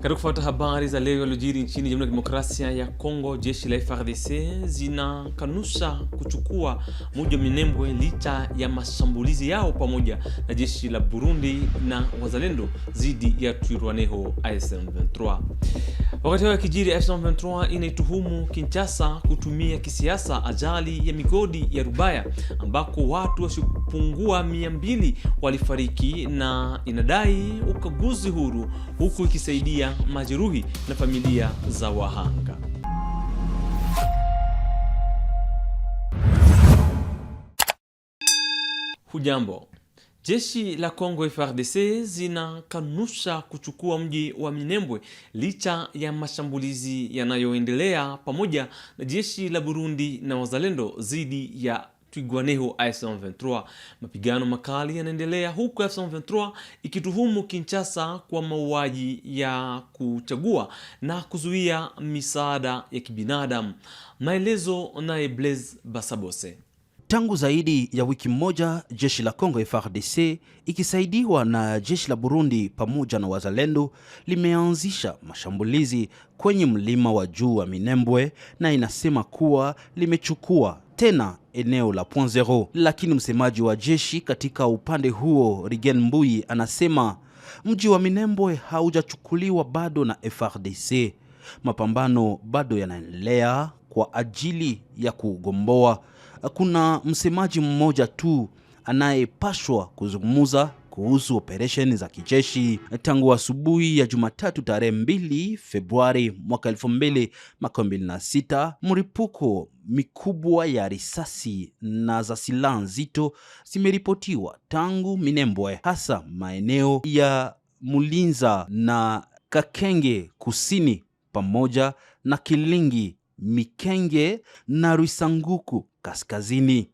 Katika kufuata habari za leo yaliyojiri nchini Jamhuri ya Kidemokrasia ya Kongo, jeshi la frdc zinakanusha kuchukua Mji wa Minembwe licha ya mashambulizi yao pamoja na jeshi la Burundi na wazalendo dhidi ya Twirwaneho afc 23 Wakati hayo yakijiri, afc 23 inaituhumu kinchasa kutumia kisiasa ajali ya migodi ya Rubaya ambako watu wasiopungua 200 walifariki na inadai ukaguzi huru huku ikisaidia majeruhi na familia za wahanga. Hujambo. Jeshi la congo frdc zinakanusha kuchukua mji wa Minembwe licha ya mashambulizi yanayoendelea pamoja na jeshi la Burundi na wazalendo dhidi ya Twigwaneho M23. Mapigano makali yanaendelea huku M23 ikituhumu Kinshasa kwa mauaji ya kuchagua na kuzuia misaada ya kibinadamu. Maelezo naye Blaise Basabose. Tangu zaidi ya wiki moja jeshi la Kongo FARDC ikisaidiwa na jeshi la Burundi pamoja na wazalendo limeanzisha mashambulizi kwenye mlima wa juu wa Minembwe na inasema kuwa limechukua tena eneo la point zero, lakini msemaji wa jeshi katika upande huo Rigen Mbui anasema mji wa Minembwe haujachukuliwa bado na FARDC. Mapambano bado yanaendelea kwa ajili ya kugomboa kuna msemaji mmoja tu anayepashwa kuzungumza kuhusu operesheni za kijeshi tangu asubuhi ya Jumatatu tarehe 2 Februari mwaka sita. Mripuko mikubwa ya risasi na za silaha nzito zimeripotiwa tangu Minembwe, hasa maeneo ya Mulinza na Kakenge kusini pamoja na Kilingi Mikenge na rwisanguku kaskazini.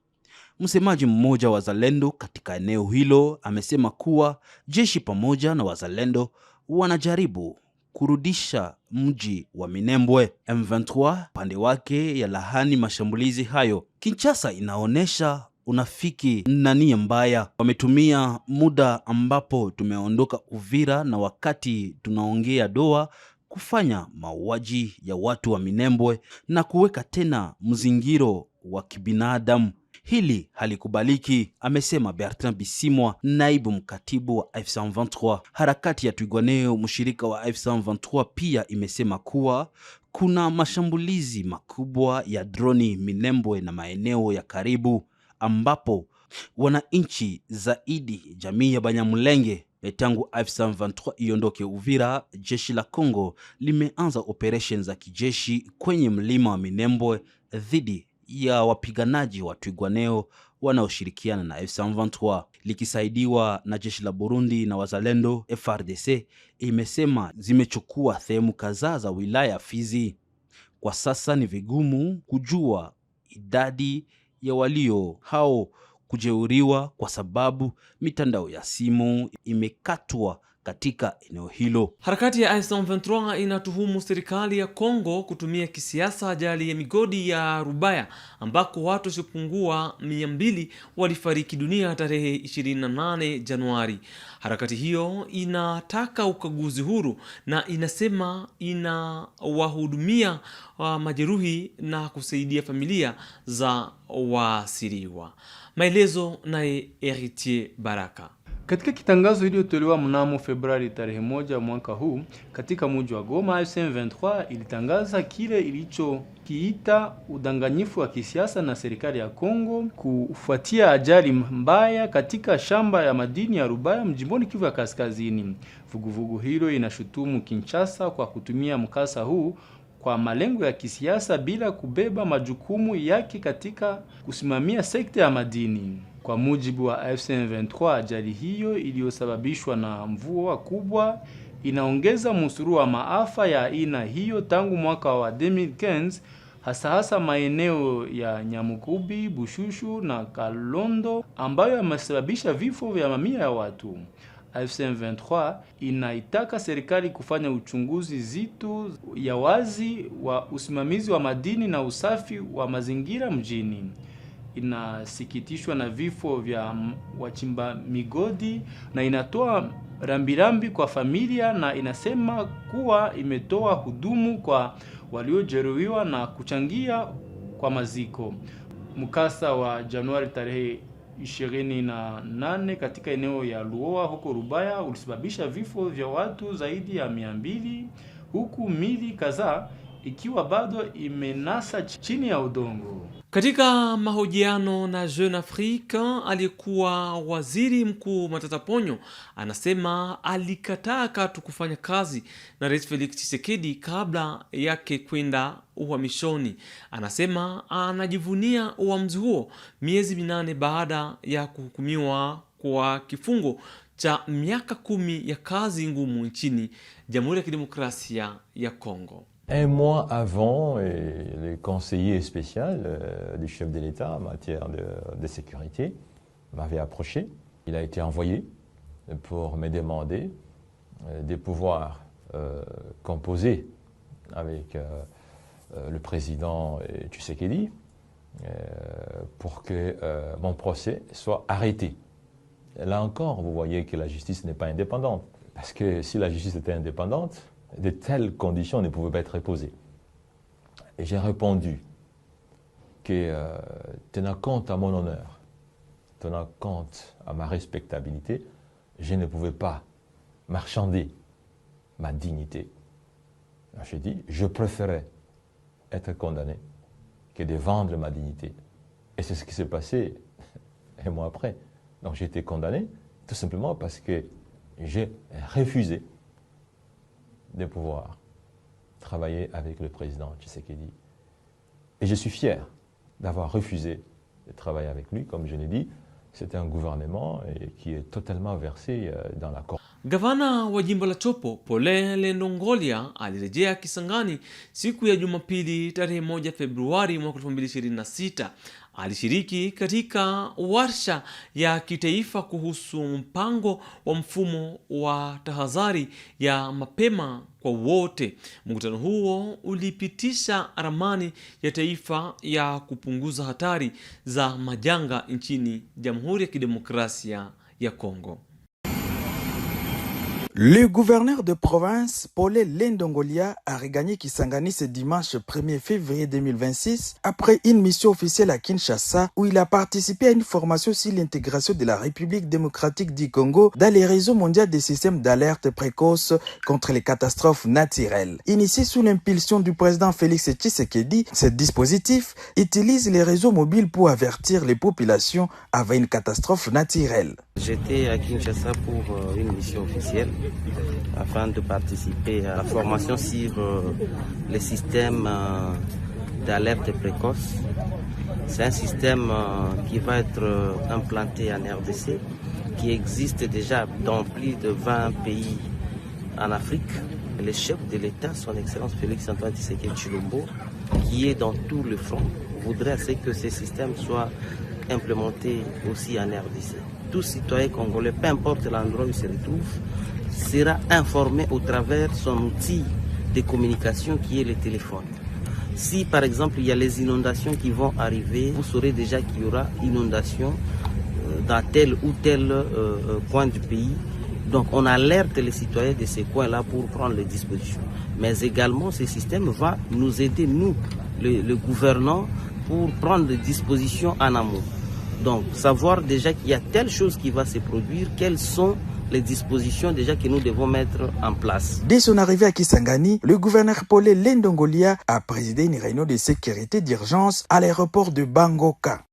Msemaji mmoja wa wazalendo katika eneo hilo amesema kuwa jeshi pamoja na wazalendo wanajaribu kurudisha mji wa Minembwe. M23 pande wake ya lahani mashambulizi hayo. Kinshasa inaonyesha unafiki na nia mbaya. Wametumia muda ambapo tumeondoka Uvira na wakati tunaongea Doha kufanya mauaji ya watu wa Minembwe na kuweka tena mzingiro wa kibinadamu. Hili halikubaliki, amesema Bertrand Bisimwa, naibu mkatibu wa F23. Harakati ya Twigwaneo, mshirika wa F23, pia imesema kuwa kuna mashambulizi makubwa ya droni Minembwe na maeneo ya karibu ambapo wananchi zaidi jamii ya Banyamulenge eh, tangu F23 iondoke Uvira, jeshi la congo limeanza operesheni za kijeshi kwenye mlima wa Minembwe dhidi ya wapiganaji wa twigwaneo wanaoshirikiana na f 23 likisaidiwa na jeshi la Burundi na wazalendo frdc imesema zimechukua sehemu kadhaa za wilaya ya Fizi. Kwa sasa ni vigumu kujua idadi ya walio hao kujeuriwa kwa sababu mitandao ya simu imekatwa katika eneo hilo. Harakati ya M23 inatuhumu serikali ya Kongo kutumia kisiasa ajali ya migodi ya Rubaya ambako watu wasiopungua mia mbili walifariki dunia tarehe 28 Januari. Harakati hiyo inataka ukaguzi huru na inasema inawahudumia uh, majeruhi na kusaidia familia za waasiriwa. Maelezo naye eritier Baraka. Katika kitangazo iliyotolewa mnamo Februari tarehe moja mwaka huu katika mji wa Goma, M23 ilitangaza kile ilichokiita udanganyifu wa kisiasa na serikali ya Kongo kufuatia ajali mbaya katika shamba ya madini ya Rubaya mjimboni Kivu ya Kaskazini. Vuguvugu hilo inashutumu Kinshasa kwa kutumia mkasa huu kwa malengo ya kisiasa bila kubeba majukumu yake katika kusimamia sekta ya madini. Kwa mujibu wa M23, ajali hiyo iliyosababishwa na mvua kubwa inaongeza msururu wa maafa ya aina hiyo tangu mwaka wa 2015 hasa hasa maeneo ya Nyamukubi, Bushushu na Kalondo ambayo yamesababisha vifo vya mamia ya watu. M23 inaitaka serikali kufanya uchunguzi zito ya wazi wa usimamizi wa madini na usafi wa mazingira mjini inasikitishwa na vifo vya wachimba migodi na inatoa rambirambi kwa familia na inasema kuwa imetoa hudumu kwa waliojeruhiwa na kuchangia kwa maziko. Mkasa wa Januari tarehe 28 katika eneo ya Luoa huko Rubaya ulisababisha vifo vya watu zaidi ya mia huku mili kadhaa ikiwa bado imenasa chini ya udongo. Katika mahojiano na Jeune Afrique, aliyekuwa waziri mkuu Matata Ponyo anasema alikataa katu kufanya kazi na Rais Felix Tshisekedi kabla yake kwenda uhamishoni. Anasema anajivunia uamuzi huo miezi minane baada ya kuhukumiwa kwa kifungo cha miaka kumi ya kazi ngumu nchini Jamhuri ya Kidemokrasia ya Kongo. Un mois avant, et le conseiller spécial euh, du chef de l'État en matière de, sécurité m'avait approché. Il a été envoyé pour me demander des euh, de pouvoir euh, composer avec le président Tshisekedi pour que mon procès soit arrêté. Là encore, vous voyez que la justice n'est pas indépendante. Parce que si la justice était indépendante, de telles conditions ne pouvaient pas être posées. Et j'ai répondu que euh, tenant compte à mon honneur, tenant compte à ma respectabilité, je ne pouvais pas marchander ma dignité. J'ai dit, je préférais être condamné que de vendre ma dignité. Et c'est ce qui s'est passé un mois après. Donc j'ai été condamné tout simplement parce que j'ai refusé de pouvoir travailler avec le président Tshisekedi. Et je suis fier d'avoir refusé de travailler avec lui, comme je l'ai dit. C'était un gouvernement qui est totalement versé euh, dans la corruption. Gavana wa jimbo la Chopo Polele Lendongolia alirejea Kisangani siku ya Jumapili tarehe 1 Februari mwaka 2026 alishiriki katika warsha ya kitaifa kuhusu mpango wa mfumo wa tahadhari ya mapema kwa wote. Mkutano huo ulipitisha ramani ya taifa ya kupunguza hatari za majanga nchini Jamhuri ya Kidemokrasia ya Kongo. Le gouverneur de province, Paulé Lendongolia, a regagné Kisangani ce dimanche 1er février 2026 après une mission officielle à Kinshasa où il a participé à une formation sur l'intégration de la République démocratique du Congo dans les réseaux mondiaux des systèmes d'alerte précoce contre les catastrophes naturelles. Initié sous l'impulsion du président Félix Tshisekedi, ce dispositif utilise les réseaux mobiles pour avertir les populations avant une catastrophe naturelle. J'étais à Kinshasa pour euh, une mission officielle afin de participer à la formation sur euh, les systèmes euh, d'alerte précoce. C'est un système euh, qui va être implanté en RDC, qui existe déjà dans plus de 20 pays en Afrique. Le chef de l'État, son Excellence Félix Antoine Tshisekedi Chilombo, qui est dans tout le front, voudrait que ce système soit implémenté aussi en RDC. Tout citoyen congolais, peu importe l'endroit où il se retrouve, sera informé au travers son outil de communication qui est le téléphone. Si par exemple il y a les inondations qui vont arriver, vous saurez déjà qu'il y aura inondation euh, dans tel ou tel coin euh, euh, du pays. Donc on alerte les citoyens de ces coins-là pour prendre les dispositions. Mais également ce système va nous aider, nous, le, gouvernant, pour prendre des dispositions en amont. Donc savoir déjà qu'il y a telle chose qui va se produire, quels sont les dispositions déjà que nous devons mettre en place. Dès son arrivée à Kisangani, le gouverneur polé Lendongolia a présidé une réunion de sécurité d'urgence à l'aéroport de Bangoka.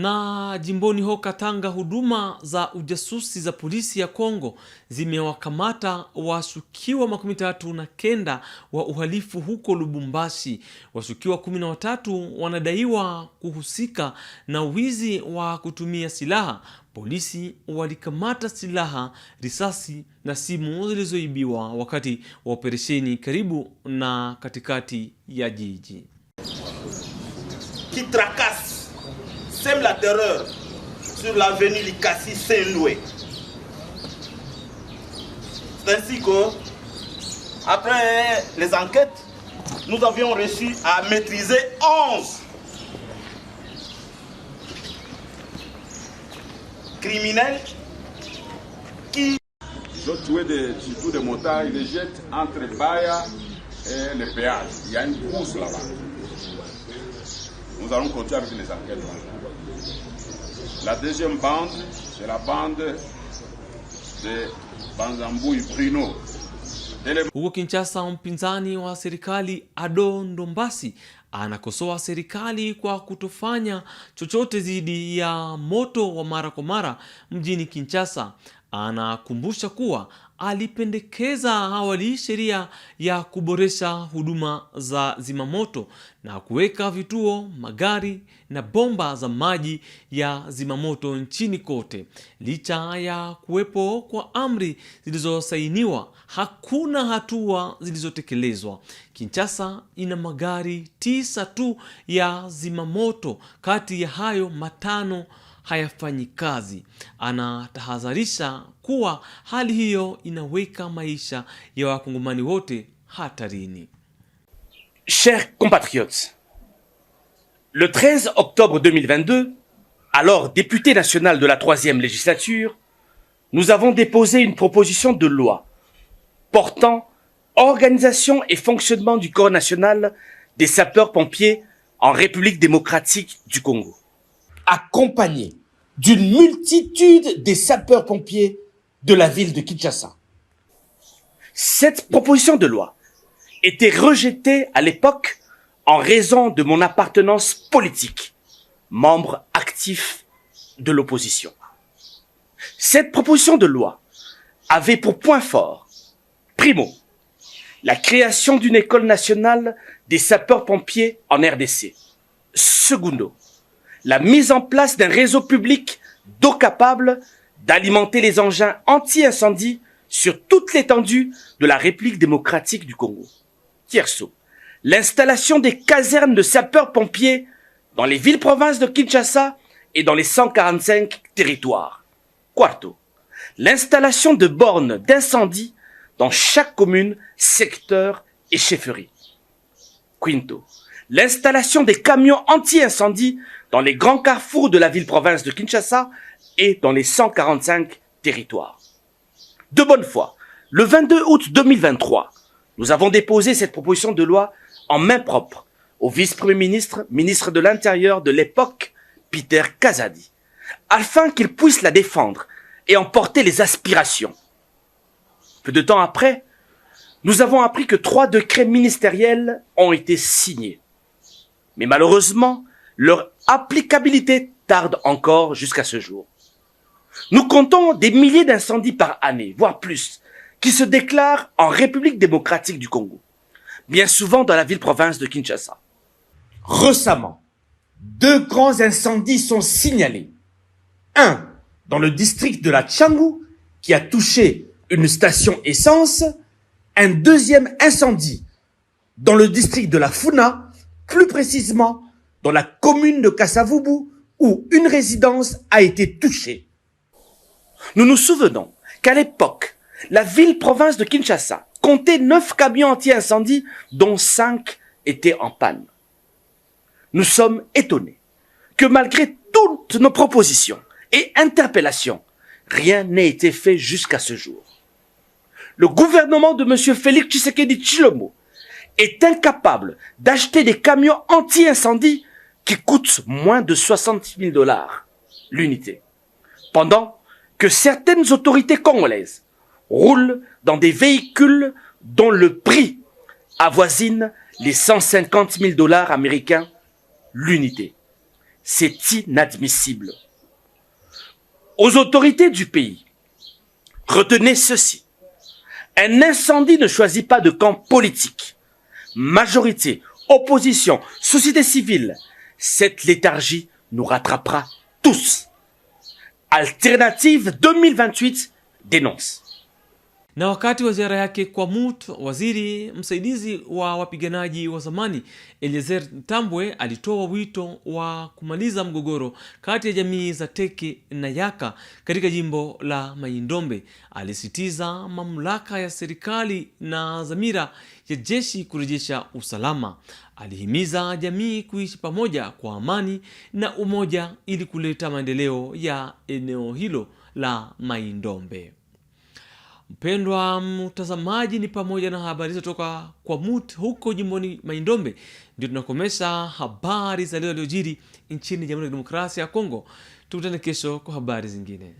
Na jimboni ho Katanga, huduma za ujasusi za polisi ya Kongo zimewakamata washukiwa makumi tatu na kenda wa uhalifu huko Lubumbashi. Washukiwa kumi na watatu wanadaiwa kuhusika na wizi wa kutumia silaha. Polisi walikamata silaha, risasi na simu zilizoibiwa wakati wa operesheni karibu na katikati ya jiji Kitrakasi. sème la terreur sur l'avenue Likassi saint louis C'est ainsi que, après hein, les enquêtes, nous avions réussi à maîtriser 11 criminels qui... Ils ont tué des, surtout des motards, ils les jettent entre Baya et le péages. Il y a une course là-bas. Nous allons continuer avec les enquêtes. La deuxième bande, c'est la bande de Banzambui Bruno. Huko Kinshasa, mpinzani wa serikali ado ndombasi anakosoa serikali kwa kutofanya chochote dhidi ya moto wa mara kwa mara mjini Kinshasa. Anakumbusha kuwa alipendekeza awali sheria ya kuboresha huduma za zimamoto na kuweka vituo, magari na bomba za maji ya zimamoto nchini kote. Licha ya kuwepo kwa amri zilizosainiwa, hakuna hatua zilizotekelezwa. Kinshasa ina magari tisa tu ya zimamoto kati ya hayo matano inaweka maisha Chers compatriotes, le 13 octobre 2022, alors député national de la troisième législature, nous avons déposé une proposition de loi portant organisation et fonctionnement du corps national des sapeurs-pompiers en République démocratique du Congo accompagné d'une multitude des sapeurs-pompiers de la ville de Kinshasa. Cette proposition de loi était rejetée à l'époque en raison de mon appartenance politique, membre actif de l'opposition. Cette proposition de loi avait pour point fort, primo, la création d'une école nationale des sapeurs-pompiers en RDC. secondo, la mise en place d'un réseau public d'eau capable d'alimenter les engins anti-incendie sur toute l'étendue de la République démocratique du Congo. Tierso, l'installation des casernes de sapeurs-pompiers dans les villes-provinces de Kinshasa et dans les 145 territoires. Quarto, l'installation de bornes d'incendie dans chaque commune, secteur et chefferie. Quinto, l'installation des camions anti-incendie dans les grands carrefours de la ville-province de Kinshasa et dans les 145 territoires. De bonne foi, le 22 août 2023, nous avons déposé cette proposition de loi en main propre au vice-premier ministre, ministre de l'Intérieur de l'époque, Peter Kazadi, afin qu'il puisse la défendre et emporter les aspirations. Peu de temps après, nous avons appris que trois décrets ministériels ont été signés. Mais malheureusement, leur applicabilité tarde encore jusqu'à ce jour. Nous comptons des milliers d'incendies par année, voire plus, qui se déclarent en République démocratique du Congo, bien souvent dans la ville-province de Kinshasa. Récemment, deux grands incendies sont signalés. Un dans le district de la Tchangou, qui a touché une station essence. Un deuxième incendie dans le district de la Funa, plus précisément dans la commune de Kassavubu, où une résidence a été touchée. Nous nous souvenons qu'à l'époque, la ville-province de Kinshasa comptait neuf camions anti-incendie, dont cinq étaient en panne. Nous sommes étonnés que malgré toutes nos propositions et interpellations, rien n'ait été fait jusqu'à ce jour. Le gouvernement de M. Félix Tshisekedi Chilomo est incapable d'acheter des camions anti-incendie qui coûte moins de 60 000 dollars l'unité. Pendant que certaines autorités congolaises roulent dans des véhicules dont le prix avoisine les 150 000 dollars américains l'unité. C'est inadmissible. Aux autorités du pays, retenez ceci. Un incendie ne choisit pas de camp politique. Majorité, opposition, société civile, cette léthargie nous rattrapera tous. Alternative 2028 dénonce. Na wakati wa ziara yake kwa Mut, waziri msaidizi wa wapiganaji wa zamani Eliezer Tambwe alitoa wito wa kumaliza mgogoro kati ya jamii za Teke na Yaka katika jimbo la Maindombe. Alisitiza mamlaka ya serikali na dhamira ya jeshi kurejesha usalama. Alihimiza jamii kuishi pamoja kwa amani na umoja ili kuleta maendeleo ya eneo hilo la Maindombe. Mpendwa mtazamaji, ni pamoja na habari hizo toka kwa MUT huko jimboni Maindombe. Ndio tunakomesha habari za leo yaliyojiri nchini Jamhuri ya Kidemokrasia ya Kongo. Tukutane kesho kwa habari zingine.